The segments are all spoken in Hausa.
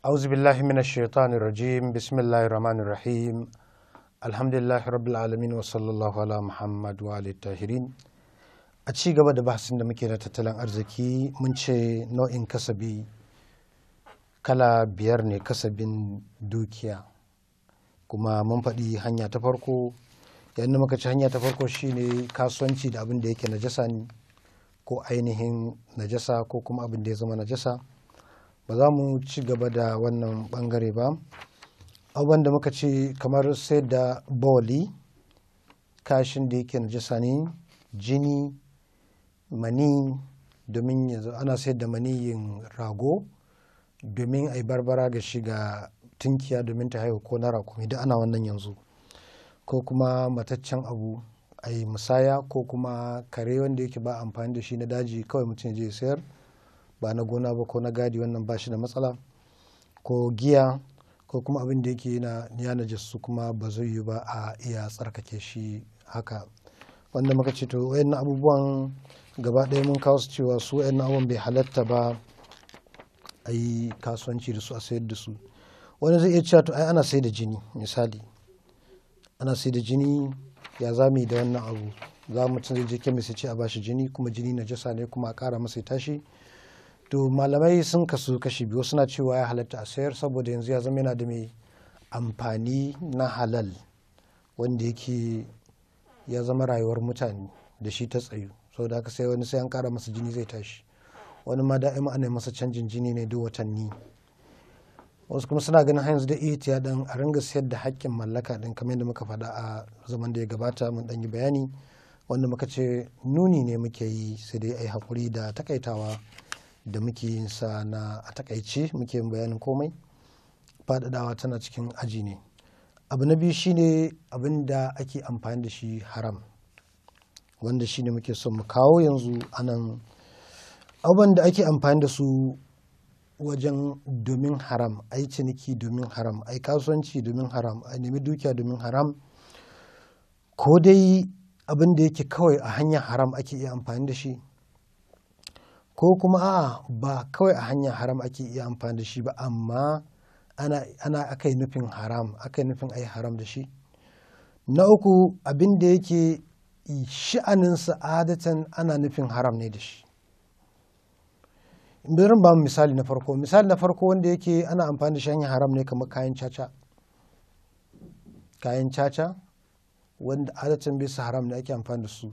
أعوذ mina من الشيطان rajim, بسم الله rahim. الرحيم الحمد لله wa العالمين وصلى الله على محمد a ci gaba da bahasin da muke na tattalin arziki mun ce nau'in kasabi kala biyar ne kasabin dukiya kuma mun faɗi hanya ta farko yadda muka ci hanya ta farko shine kasuwanci da abin da yake najasa ne ko ainihin najasa ko kuma abin da ya zama najasa ba za mu ci gaba da wannan bangare ba abubuwan da muka ce kamar sai da boli kashin da yake najasa ne jini mani domin yanzu ana sai da mani yin rago domin a yi barbara ga shi ga tunkiya domin ta haihu ko na rakumi da ana wannan yanzu ko kuma mataccen abu a yi musaya ko kuma kare wanda yake ba amfani da shi na daji kawai mutum ya je sayar ba na gona ba ko na gadi wannan ba shi da matsala ko giya ko kuma abin da yake yana yana su kuma ba zai yi ba a iya tsarkake shi haka wanda muka ce to wayannan abubuwan gaba ɗaya mun kawo su cewa su wayannan abubuwan bai halatta ba a yi kasuwanci da su a sayar da su wani zai iya cewa to ai ana sai da jini misali ana sai da jini ya za mu yi da wannan abu za mu zai je kemis ya ce a bashi jini kuma jini na jasa ne kuma a kara masa tashi to malamai sun kasu kashi biyu suna cewa ya halatta a sayar saboda yanzu ya zama yana da mai amfani na halal wanda yake ya zama rayuwar mutane da shi ta tsayu saboda haka sai wani sai an kara masa jini zai tashi wani ma da'ima ana masa canjin jini ne duk watanni wasu kuma suna ganin yanzu da iya dan a ringa sayar da haƙƙin mallaka din kamar yadda muka faɗa a zaman da ya gabata mun ɗan yi bayani wanda muka ce nuni ne muke yi sai dai a yi haƙuri da takaitawa da muke yin sa na a takaice muke yin bayanin komai faɗaɗawa tana cikin aji ne abu na biyu shine abin da ake amfani da shi haram wanda shine muke son mu kawo yanzu anan abubuwan da ake amfani da su wajen domin haram ai ciniki domin haram ai kasuwanci domin haram ai nemi dukiya domin haram ko dai abin da yake kawai a hanyar haram ake iya amfani da shi ko kuma a ba kawai a hanyar haram ake iya amfani da shi ba amma ana, aka yi nufin haram aka yi nufin ayi haram da shi na uku abin da yake sha'anin sa'adatan ana nufin haram ne da shi bari ba misali na farko misali na farko wanda yake ana amfani da shi hanyar haram ne kamar kayan caca kayan caca wanda adatan bisa haram ne ake amfani da su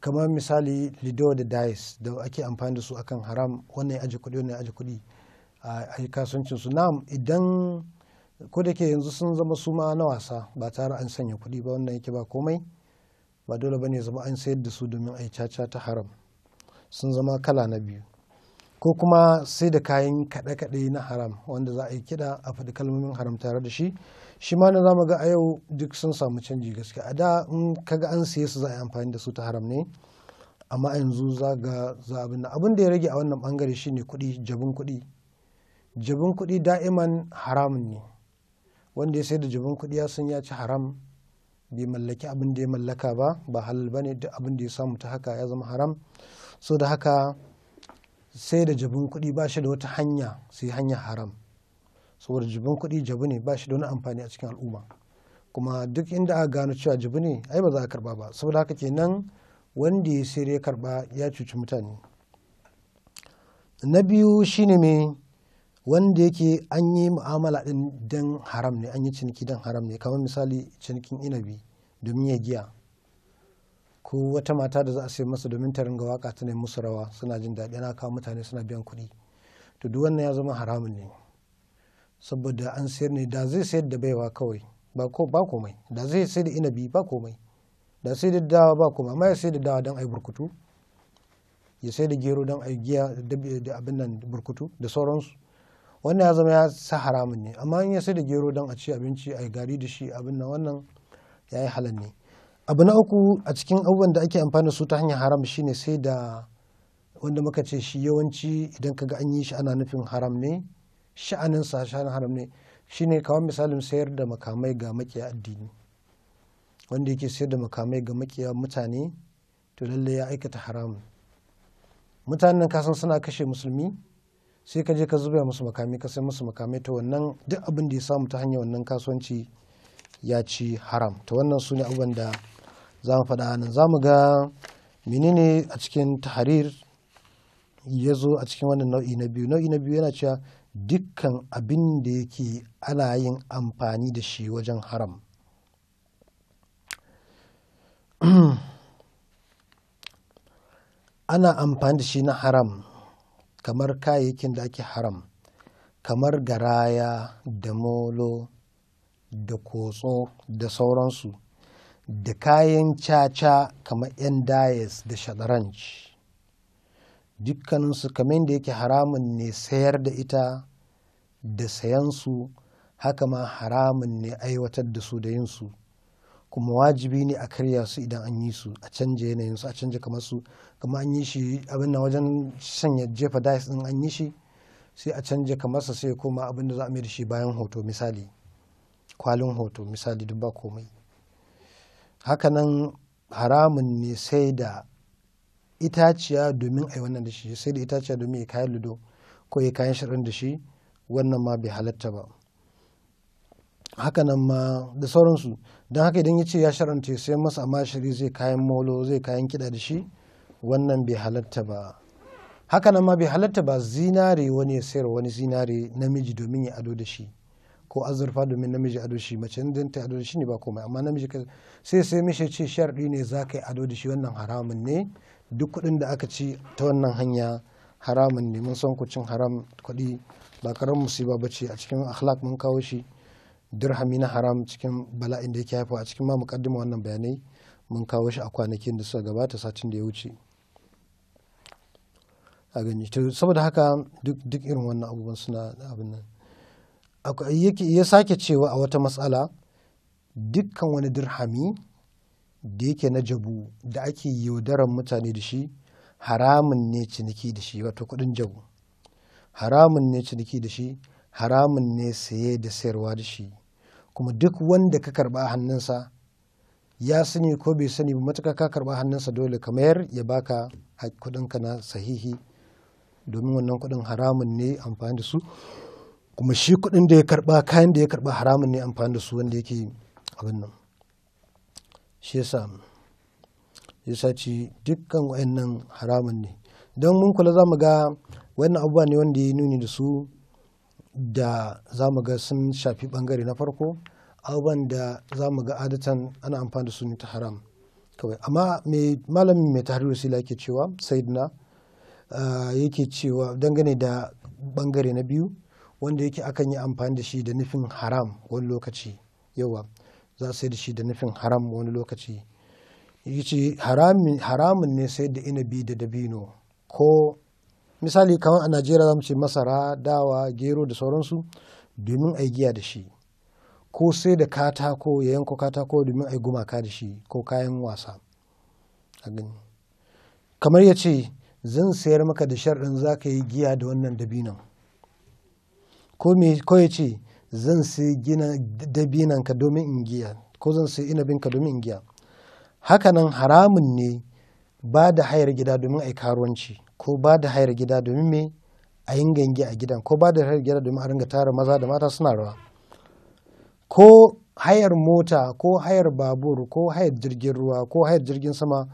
kamar misali lido da dais da ake amfani da su akan haram wannan ya aji kuɗi wannan ya aji kuɗi a kasuwancin su na'am idan ko da ke yanzu sun zama su ma na wasa ba tare an sanya kuɗi ba wannan yake ba komai ba dole ne zama an sayar da su domin a yi caca ta haram sun zama kala na biyu ko kuma sai da kayan kaɗe-kaɗe na haram wanda za a yi kiɗa a faɗi kalmomin haram tare da shi shi ma na zamu ga a yau duk sun samu canji gaske a da in kaga an siye su za a yi amfani da su ta haram ne amma yanzu za ga za abin abin da ya rage a wannan bangare ne kuɗi jabin kuɗi jabin kuɗi da'iman haramun ne wanda ya sai da jabin kuɗi ya san ya ci haram bai mallaki abin da ya mallaka ba ba halal ne duk abin da ya samu ta haka ya zama haram so da haka sai da jabin kuɗi ba shi da wata hanya sai hanya haram saboda jabin kuɗi jabu ne ba shi da wani amfani a cikin al'umma kuma duk inda aka gano cewa jabu ne ai ba za a karba ba saboda haka kenan wanda ya sai ya karba ya cuci mutane na biyu shine me wanda yake an yi mu'amala din dan haram ne an yi ciniki dan haram ne kamar misali cinikin inabi domin ya giya ko wata mata da za a sai masa domin ta ringa waka ta nemi musu rawa suna jin daɗi na kawo mutane suna biyan kuɗi to duk wannan ya zama haramun ne saboda an sayar ne da zai sayar da baiwa kawai ba ko ba komai da zai sayar da inabi ba komai da sai da dawa ba komai amma ya sayar da dawa don ai burkutu ya sayar da gero don ai giya da abin nan burkutu da sauransu wannan ya zama ya sa haramun ne amma in ya sayar da gero don a ci abinci ai gari da shi abin nan wannan ya yi halal ne abu na uku a cikin abubuwan da ake amfani da su ta hanyar haram shine sai da wanda muka ce shi yawanci idan kaga an yi shi ana nufin haram ne sha'anin sa sha'anin haram ne shine kawai misalin sayar da makamai ga makiya addini wanda yake sayar da makamai ga makiya mutane to lallai ya aikata haram mutanen kasan suna kashe musulmi sai ka je ka zuba musu makami ka sai musu makamai to wannan duk abin da ya samu ta hanyar wannan kasuwanci ya ci haram to wannan su ne abubuwan da za mu faɗa nan za mu ga menene a cikin tahrir ya zo a cikin wannan nau'i na biyu nau'i na biyu yana cewa dukkan abin da yake ana yin amfani da shi wajen haram ana amfani da shi na haram kamar kayayyakin da ake haram kamar garaya da molo da kotso da sauransu da kayan caca kamar 'yan dayas da shadaranci dukkaninsu kamar da yake haramun ne sayar da ita da sayansu haka ma haramun ne aiwatar da su da yinsu kuma wajibi ne a karya su idan an yi su a canja yanayinsu a canja kamar su kama an yi shi abin nan wajen sanya jefa dice din an yi shi sai a canja kamar sa sai koma abin da za a mai da shi bayan hoto misali kwalin hoto misali duk ba komai hakanan haramun ne sai da itaciya domin a yi wannan da shi sai da itaciya domin ya kayan ludo ko ya kayan shirin da shi wannan ma bai halatta ba hakanan ma da sauransu don haka idan ya ce ya sharanta sai masa mashiri zai kayan molo zai kayan kida da shi wannan bai halatta ba hakanan ma bai halatta ba zinare wani ya sayar wani zinare namiji domin ya ado da shi ko azurfa domin namiji ado shi mace din ta ado shi ne ba komai amma namiji sai sai mishi ce sharɗi ne za ka yi ado da shi wannan haramun ne duk kuɗin da aka ci ta wannan hanya haramun ne mun san ku cin haram kuɗi ba karan musiba ba ce a cikin akhlaq mun kawo shi dirhami na haram cikin bala'in da yake haifa a cikin ma mukaddima wannan bayanai mun kawo shi a kwanakin da suka gabata satin da ya wuce a gani saboda haka duk irin wannan abubuwan suna abin nan iya sake cewa a wata matsala dukkan wani dirhami da yake na jabu da ake yaudaran mutane da shi haramun ne ciniki da shi wato kudin jabu haramun ne ciniki da shi haramun ne saye da sayarwa da shi kuma duk wanda ka karba hannunsa ya sani ko bai sani ba matuka ka karba hannunsa dole ka ya baka kudinka na sahihi domin wannan kudin haramun ne amfani da su kuma shi kuɗin da ya karba kayan da ya karba haramun ne amfani da su wanda yake abin nan shi yasa ya ci dukkan wayannan haramun ne don mun kula za mu ga wayannan abubuwa ne wanda ya nuni da su da za mu ga sun shafi bangare na farko abubuwan da za mu ga adatan ana amfani da su ne ta haram kawai amma malamin mai tahrir sila yake cewa sayyidina eh, yake cewa dangane da bangare na biyu wanda yake akan yi amfani da shi da nufin haram wani lokaci yawa za su da shi da nufin haram wani lokaci yace haramun ne sai da inabi da dabino ko misali kamar a najeriya za mu ce masara dawa gero da sauransu domin a giya da shi ko sai da katako ya yanko katako domin a gumaka da shi ko kayan wasa kamar ya ce zan sayar maka da sharɗin za ka yi giya da wannan dabinon ko ya ce zan sai gina dabinanka domin in giya ko zan sai inabinka domin in giya hakanan haramun ne ba da hayar gida domin a yi karuwanci ko ba da hayar gida domin me a yin gangi a gidan ko ba da hayar gida domin a ringa tara maza da mata suna rawa ko hayar mota ko hayar babur ko hayar jirgin ruwa ko hayar jirgin sama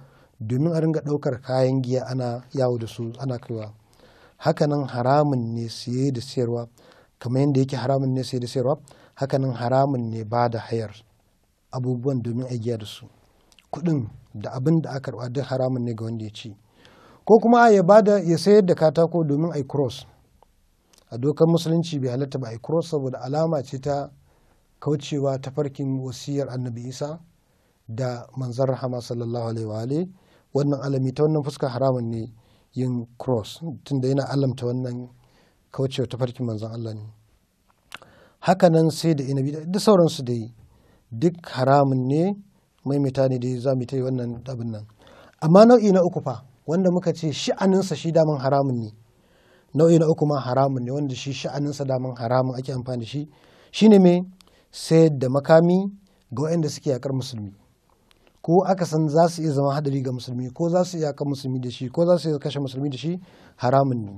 domin a ringa ɗaukar kayan giya ana yawo da su ana kaiwa hakanan haramun ne siye da siyarwa kamar yadda yake haramun ne sai da sayarwa hakanan haramun ne ba da hayar abubuwan domin aigiya da su kuɗin da abin da aka ruwa duk haramun ne ga wanda ya ci ko kuma ya bada ya sayar da katako domin a cross a dokar musulunci bai halatta ba a cross saboda alama ce ta kaucewa ta farkin wasiyar annabi isa da manzar rahama sallallahu alaihi wa wannan alami ta wannan fuska haramun ne yin cross tunda yana alamta wannan kaucewa tafarkin manzan Allah ne hakanan sai da inabi da sauransu da duk haramun ne maimaita ne da za mu ta yi wannan abin nan amma nau'i na uku fa wanda muka ce sha'aninsa shi daman haramun ne nau'i na uku ma haramun ne wanda shi sha'aninsa daman haramun ake amfani da shi shine me sai da makami ga waɗanda suke yakar musulmi ko aka san za su iya zama hadari ga musulmi ko za su iya yakar musulmi da shi ko za su iya kashe musulmi da shi haramun ne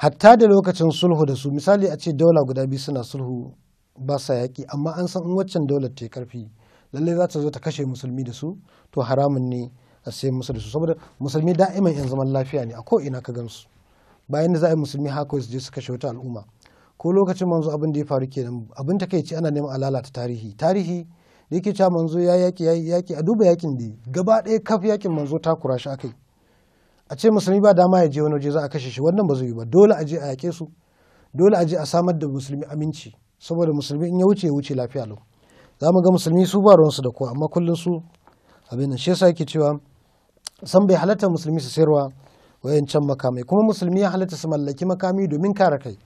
hatta da lokacin sulhu da su misali a ce daula guda biyu suna sulhu ba sa yaƙi amma an san in waccan daular ta karfi lallai za ta zo ta kashe musulmi da su to haramun ne a sai musu da su saboda musulmi da'iman yan zaman lafiya ne a ko ina ka gansu bayan da za a yi musulmi haka su je su kashe wata al'umma ko lokacin manzo abin da ya faru kenan abin ta kai ce ana neman a lalata tarihi tarihi da yake cewa manzo ya yaƙi yaƙi a duba yaƙin da gaba ɗaya kaf yaƙin manzo ta kura shi akai a ce musulmi ba dama ya je wani waje za a kashe shi wannan ba zai yi ba dole a je a yake su dole a je a samar da musulmi aminci saboda musulmi in ya wuce ya wuce lafiya lau za mu ga musulmi su ba ruwansu da kowa amma kullum su abin shi yasa yake cewa san bai halatta musulmi su sayarwa wayancan makamai kuma musulmi ya halatta su mallaki makami domin kare kai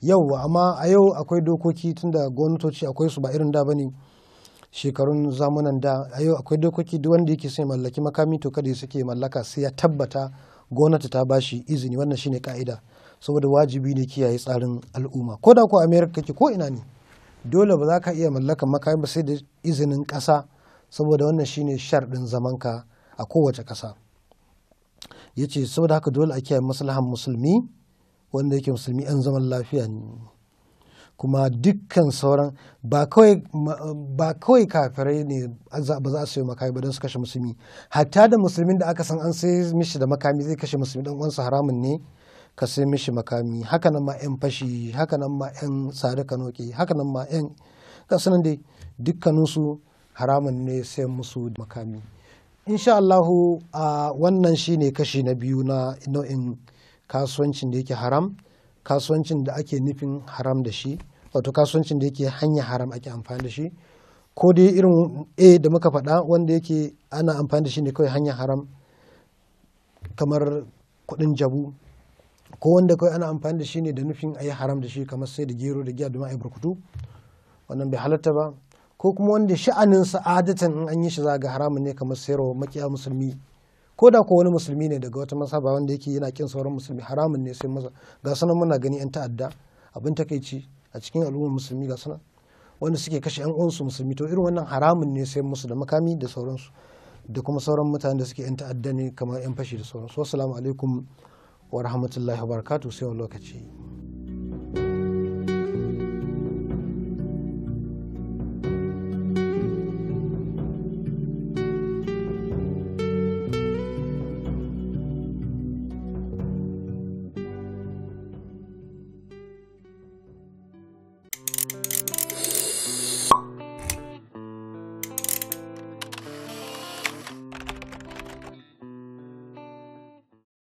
yau amma a yau akwai dokoki tunda gwamnatoci akwai su ba irin da bane shekarun zamunan da a yau akwai dokoki duk wanda yake son mallaki makami to kada suke mallaka sai ya tabbata gwamnati ta bashi izini wannan shine ka'ida saboda wajibi ne kiyaye tsarin al'umma ko da ko america kake ko ina ne dole ba za ka iya mallakan makami ba sai da izinin kasa saboda wannan shine sharɗin zamanka a kowace kasa ya ce saboda haka dole a kiyaye maslahan musulmi wanda yake musulmi 'yan zaman lafiya ne kuma dukkan sauran ba kawai kafirai ne ba za su yi makami ba don su kashe musulmi hatta da musulmin da aka san an sai mishi da makami zai kashe musulmi dan uwansa haramun ne ka sai mishi makami hakanan ma yan fashi hakanan ma yan tsari kanoki hakanan ma yan kasunan dai dukkaninsu haramun ne sai musu makami insha Allahu a wannan shine kashi na biyu na nau'in kasuwancin da yake haram kasuwancin da ake nufin haram da shi wato kasuwancin da yake hanya haram ake amfani da shi ko dai irin a da muka faɗa wanda yake ana amfani da shi ne kawai hanya haram kamar kuɗin jabu ko wanda kawai ana amfani da shi ne da nufin a yi haram da shi kamar sai da gero da giya domin a yi burkutu wannan bai halatta ba ko kuma wanda sha'anin sa'adatan in an yi shi za ga haramun ne kamar sayarwa makiya musulmi ko da ko wani musulmi ne daga wata masaba wanda yake yana kin sauran musulmi haramun ne sai masa ga sanan muna gani yan ta'adda abin takeici a cikin al'ummar musulmi ga sanan wanda suke kashe yan uwansu musulmi to irin wannan haramun ne sai musu da makami da sauransu da kuma sauran mutanen da suke yan ta'adda ne kamar yan fashi da sauransu assalamu alaikum wa rahmatullahi wa barakatuh sai wani lokaci